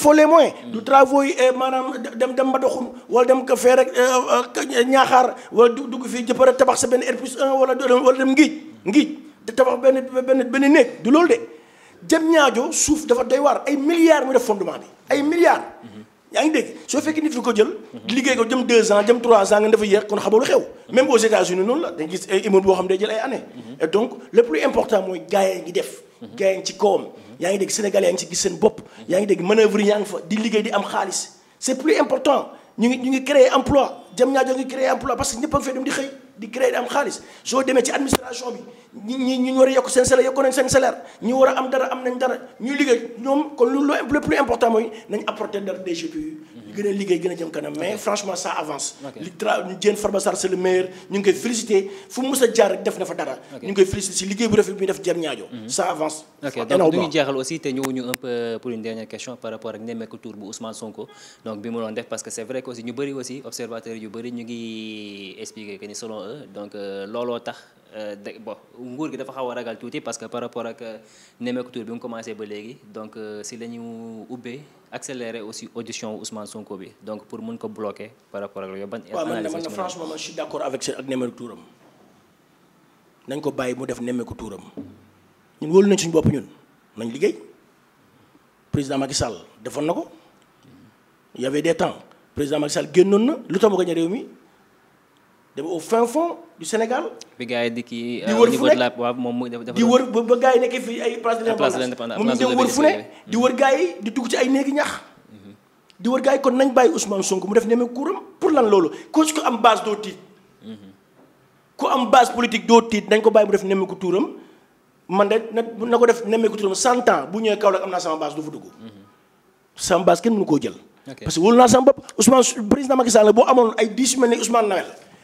[SPEAKER 2] faut les moyens du travaux yi eh, maanaam dem dem Mbadakhoune wala dem ko fee rek ñaaxaar eh, eh, wala dugg fii jëppara tabax sa benn R plus 1 wala wala dem ngiij ngi te tabax benn benn benn néeg du loolu de jëm ñaajo suuf dafa doy waar ay milliards mu def fondement bi ay milliards mhm. yaa ngi dégg soo fekkee nit fi ko jël liggéey ko jëm deux ans jëm trois ans nga dafa yéex kon xamalu xew mhm. même aux États-Unis noonu la dañ gis ay immeuble boo xam day jël ay années mhm. et donc le plus important mooy gars ngi def gars yi ci kawam yaa ngi dégg sénégalais yaa ngi si gis seen bopp yaa ngi dégg manœuvre yaa ngi fa di liggéey di am xaalis c'est plus important ñu ngi ñu ngi créer emploi jam ñaajoo ngi créer emploi parce que ñëpp a ngi fee dem di xëy di créer di am xaalis soo demee ci administration bi ñi ñi ñu war a yokk seen salaire yokk nañ seen salaire ñu war a am dara am nañ dara ñuy liggéey ñoom kon lu lu le plus important mooy nañ apporter dara des gën liggéey gën a jëm kanam mais franchement ça avance li tra ñu jéem Farba Sarr c'est def na fa dara ñu si bu rafet bi def jëm mhm. ñaajo ça avance ok donc duñu
[SPEAKER 1] jeexal aussi te ñëwuñu un peu pour une dernière question par rapport ak nemmeeku tour bu Ousmane Sonko ñu bëri aussi observateurs yu bëri ñu ngi expliquer que ni selon eux donc euh, looloo tax euh, dé bon nguur gi dafa xaw a ragal tuuti parce que par rapport ak euh, nemmeeku tour bi mu commencé ba léegi donc si la ñu ubbee accélérer aussi audition
[SPEAKER 2] Ousmane Sonko bi donc pour mën ko bloquer par rapport ak yooyu ban. waaw man franchement man je d'accord avec ak nemmeeku tuuram nañ ko bàyyi mu def nemmeeku tuuram ñun wóolu nañ suñu bopp ñun nañ liggéey président Macky Sall defoon na ko y avait des temps président Macky génnoon na lu tax mu gañ réew mi. dem au fin fond du Sénégal.
[SPEAKER 1] bi di euh, wër
[SPEAKER 2] ba gars nekkee fii ay place de l'indépendance moom ñu dem wër fu ne di wër gars di dugg ci ay néegi ñax. di wër gars kon nañ bàyyi Ousmane Sonko mu def neme kuuram pour lan loolu ko su ko am base doo tiit. ku am base politique doo tiit nañ ko bàyyi mu def neme ku tuuram man de na ko def neme ku tuuram cent bu ñëwee Kaolack am naa sama base du fa dugg. sama base kenn mënu koo jël. parce que wóolu naa sama bopp Ousmane président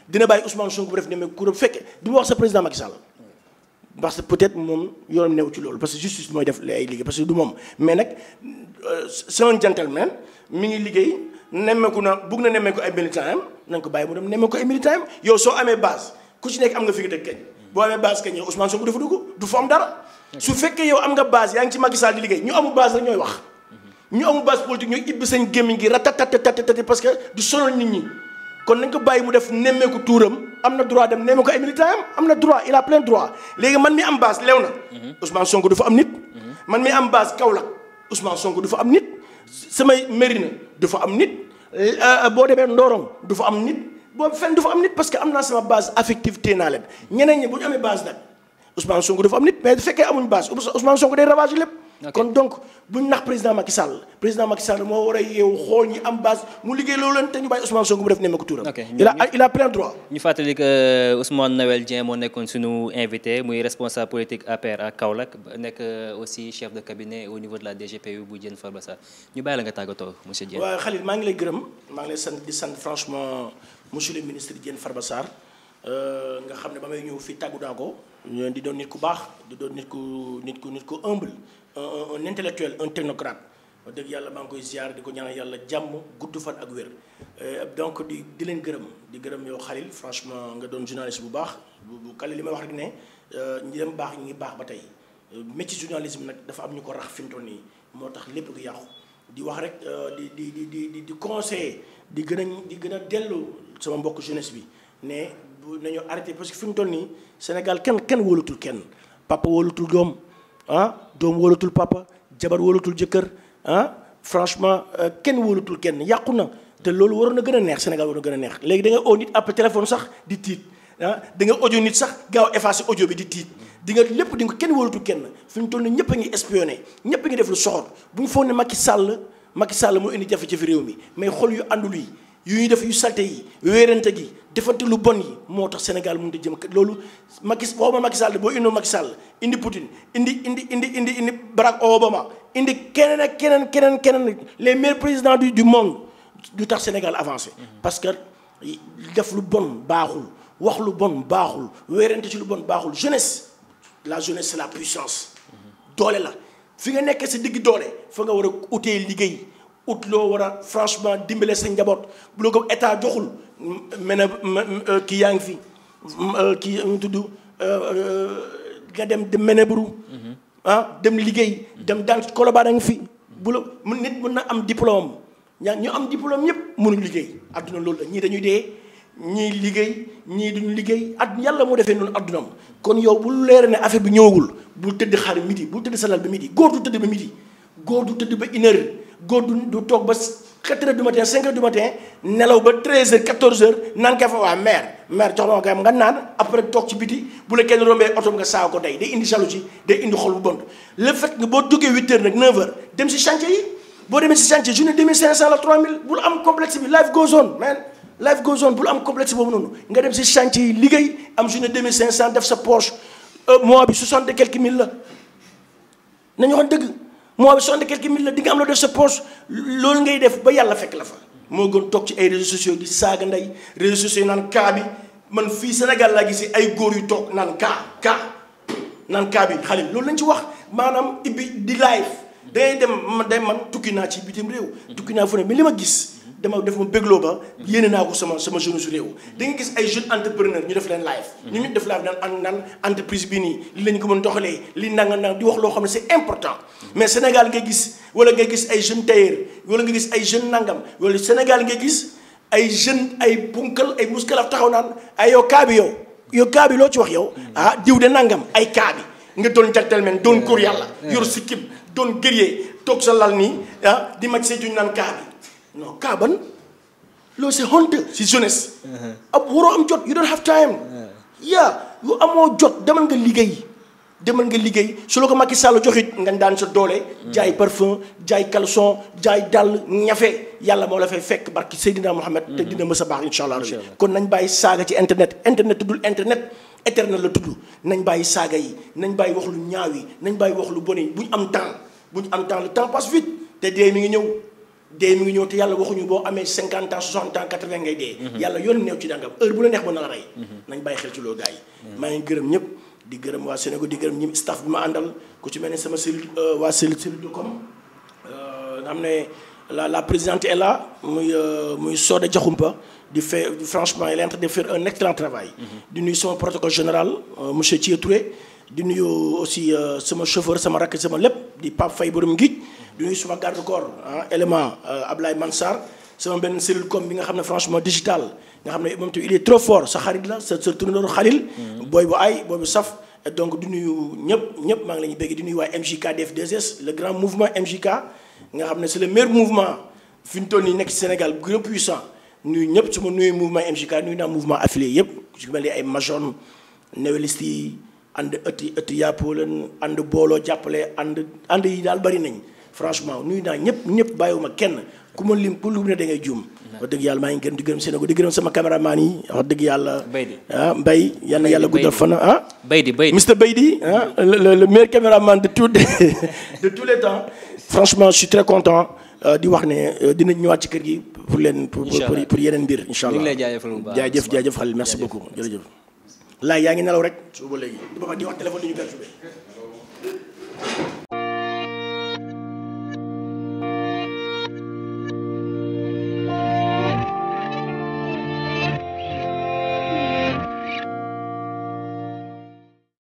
[SPEAKER 2] dina bàyyi Ousmane Sonko bu def demee kuréel bu fekkee du ma wax sa président Macky parce que peut-être moom yoonam neew ci loolu parce que justice def ay liggéey parce que du moom mais nag euh, c'est un gentleman mi ngi liggéey nemmeeku na bugg na nemmeeku ay militant am na nga ko bàyyi mu dem nemmeeku ay militant yow soo amee base ku nekk am nga fi nga dëkk kañ boo amee base su fekkee yow am nga base yaa ngi ci Macky Sall di ñu amul base rek ñooy wax ñu amul base politique ñooy ibbi seen gémmiñ gi que du sonal nit ñi kon nañ ko bàyyi mu def nemmeeku tuuram am na droit dem nemmeeku ay militant am na droit il a plein droit léegi man mi am base lew na mhm. Ousmane Sonko du fa am nit mhm. man mi am base Kaolack Ousmane Sonko du am nit samay Mérina du am nit euh, euh, boo demee Ndorong du fa am nit boo fenn du fa naa sama base affective téye naa leen ñeneen ñi bu ñu nag Ousmane Sonko du fa am nit mais bu fekkee amuñ base Ousmane Sonko day ravager lépp kon donc buñ nax président Macky Sall président Macky Sall moo war a yeewu xool ñi am base mu liggéey loolu leen te ñu bàyyi Ousmane Sonko mu def ne ma ko tuuram. il a il a plein droit.
[SPEAKER 1] ñu fàttali que euh, Ousmane Noël Dieng moo nekkoon suñu invité muy responsable politique APR à Kaolack nekk euh, aussi chef de cabinet au niveau de la DGPU bu Diène Farba Sarr ñu bàyyi la nga tàggatoo monsieur Dieng. waaw Khalil
[SPEAKER 2] maa ngi lay gërëm maa ngi lay sant di sant franchement monsieur le ministre Euh, nga xam ne ba may ñëw fii tàggu daa ko di doon nit ku baax di doon nit ku nit ku nit ku humble un intellectuel un technocrate dëgg yàlla maa ngi koy ziar di ko ñaanal yàlla jàmm gudd fan ak wér euh, donc di di leen gërëm di gërëm yow Khalil franchement nga doon journaliste bu baax bu kale li may wax rek ne euh, ñi dem baax ñi ngi baax ba tey métier journalisme nag dafa am ñu ko rax fi mu toll nii moo tax lépp gi yàqu di wax rek di di di di di conseiller di gën a di gën a dellu sama mbokk jeunesse bi ne nañu arrêté parce que fi mu toll nii Sénégal kenn kenn wóolatul kenn papa wóolatul doom ah doom wóolatul papa jabar wóolatul jëkkër ah franchement euh, kenn wóolatul kenn yàqu na te loolu waroon na gën a neex Sénégal waroon a gën a neex léegi da oo nit après téléphone sax di tiit ah ojo nga nit sax gaaw effacé ojo bi di tiit di nga lépp di nga kenn wóolatul kenn fi mu toll nii ñëpp a ngi espionné ñëpp ngi def lu soxor bu ñu foog ne Macky Sall Macky Sall moo indi jafe-jafe mi mais xol yu àndul yu ñuy def yu salte yi wéerante gi defante lu bon yi moo tax Sénégal mënut a jëm loolu Macky waxuma Macky Sall boo indoo Macky Sall indi Poutine indi indi indi indi indi Barack Obama indi keneen ak keneen keneen keneen les meilleurs présidents du du monde du tax Sénégal avancé. Mhm. parce que def lu bon baaxul wax lu bon baaxul wéerante si lu bon baaxul jeunesse la jeunesse c'est la puissance. Mhm. doole la fi nga nekkee si digg doole fa nga war a utee liggéey. ut loo war a franchement dimbale sa njaboot bu la ko état joxul mën a euh, kii yaa ngi fi euh, kii ñu tudd euh, nga dem di menebru mm-hmm. ah dem liggéey dem dans colobar a ngi fi bu la mun nit mun na am diplôme ñaa ñu am diplôme ñëpp mënuñ liggéey adduna loolu la ñii dañuy dee ñii liggéey ñii duñu liggéey at yàlla moo defee noonu addunam kon yow bu leer ne affaire bi ñëwagul bul tëdd xaar midi bul tëdd salal ba midi góor du tëdd ba midi góor du tëdd ba une heure góor du du toog ba 4 heures du matin 5 du matin nelaw ba 13 heures 14 heures naan ka fa waa mère mère jox na ma kayam nga naan après toog ci biti bu la kenn rombee oto bi nga saaw ko tey day indi jalousie day indi xol bu bon. le fait que boo duggee 8 heures nag 9 heures dem si chantier yi boo demee si chantier journée 2500 la 3000 bul am complexe bi life goes on man life goes on bul am complexe boobu noonu nga dem si chantier yi liggéey am journée 2500 def sa poche euh, mois bi 60 et quelques mille la nañu wax moo am soixante quelques mille la di nga am la def sa poche loolu ngay def ba yàlla fekk la fa. moo gën toog ci ay réseaux sociaux di saaga ndey réseaux sociaux naan kaa bi man fii Sénégal laa gis ay góor yu toog naan kaa kaa naan kaa bi xale loolu lañ ci wax maanaam ibi di live dangay dem man day man tukki naa ci bitim réew. tukki naa fu ne mais li ma gis. dama def ma bégloo ba yéene naa ko sama sama jeune su réew da nga gis ay jeune entrepreneur ñu def leen live ñu ñu def live naan nan entreprise bi nii li lañ ko mën doxalee li nanga nang di wax loo xam ne c'est important mais Sénégal ngay gis wala nga gis ay jeune tailleur wala nga gis ay jeune nangam walla Sénégal ngay gis ay jeune ay punkal ay muskalaf taxaw naan ay ah, yow kaa yow yow kaa loo ci wax yow ah diw de nangam ay kaa bi nga doon gentleman doon góor yàlla yor sikkim doon guerrier toog sa lal nii ah, di maj see juñ naan kaa non kaaban loolu si honteux si jeunesse. Uh-huh. ab waroo am jot you don't have time. yaa uh-huh. yu amoo jot demal nga liggéey. demal nga liggéey su la ko Macky Sall joxit nga daan sa doole. Mm. jaay parfum jaay caleçon jaay dàll ñafe yàlla moo la fay fekk barki Seydina Mohamed. te mm-hmm. dina mës a baax incha allah. kon nañ bàyyi saaga ci internet internet tuddul internet. internet la tudd nañ bàyyi saaga yi nañ bàyyi wax lu ñaaw yi nañ bàyyi wax lu bon yi bu am temps bu ñu am temps le temps passe te dee mi ngi ñëw. dee mi ngi ñëw te yàlla waxuñu boo amee cinquante ans soixante ans quatre vingt ngay dee. Mhm. yàlla yoon neew ci dàngam heure bu la neex ba na la rey. Mhm. nañ bàyyi xel ci loolu gars yi. Mhm. maa ngi gërëm ñëpp di gërëm waa Sénégal di gërëm ñi staff bi ma àndal ku ci mel ne sama cellule euh, waa cellule cellule de com euh, nga xam ne la la présidente est là muy euh, muy Soda Diakhoumpa di fait franchement elle est en train de faire un excellent travail. di nuyu sama protocole général monsieur Thierry Touré di nuyu aussi sama chauffeur sama rakk sama lépp di Pape Faye borom Ngij. du nuyu suma garde corps ah élément euh, Ablaye Mansar sama benn cellule com bi nga xam ne franchement digital nga xam ne moom tamit il est trop fort sa xarit la sa sa tourneur xalil. Mm-hmm. booy bu ay booy bu saf. donc du nuyu ñëpp ñëpp maa ngi la ñuy bëgg di nuyu waa MJK DFDS le grand mouvement MJK nga xam ne si le meilleur mouvement fi ñu toll nii nekk ci Sénégal bu gën a puissant nuyu ñëpp su ma nuyu mouvement MJK nuyu naa mouvement affilié yëpp su mel ni ay majon newelist yi ànd ëtt ëtt yàppoo leen ànd booloo jàppale ànd ànd yi daal nañ. franchement nuyu naa ñëpp ñëpp bàyyiwuma kenn ku ma lim ku lu ne da juum. wax dëgg yàlla maa ngi gën di gërëm Sénégal di gërëm sama caméraman yi wax dëgg yàlla. Baydi ah, na yàlla guddal fan ah. Baydi Baydi Mister Baydi ah le le meilleur caméraman de tout [LAUGHS] de tous les temps. franchement je suis très content euh, di wax ne euh, dinañ ñëwaat ci kër gi pour leen. pour pour yeneen mbir incha allah. ñu ngi lay jaajëfal bu baax jaajëf jaajëf xalil merci yaa ngi nelaw rek suba léegi.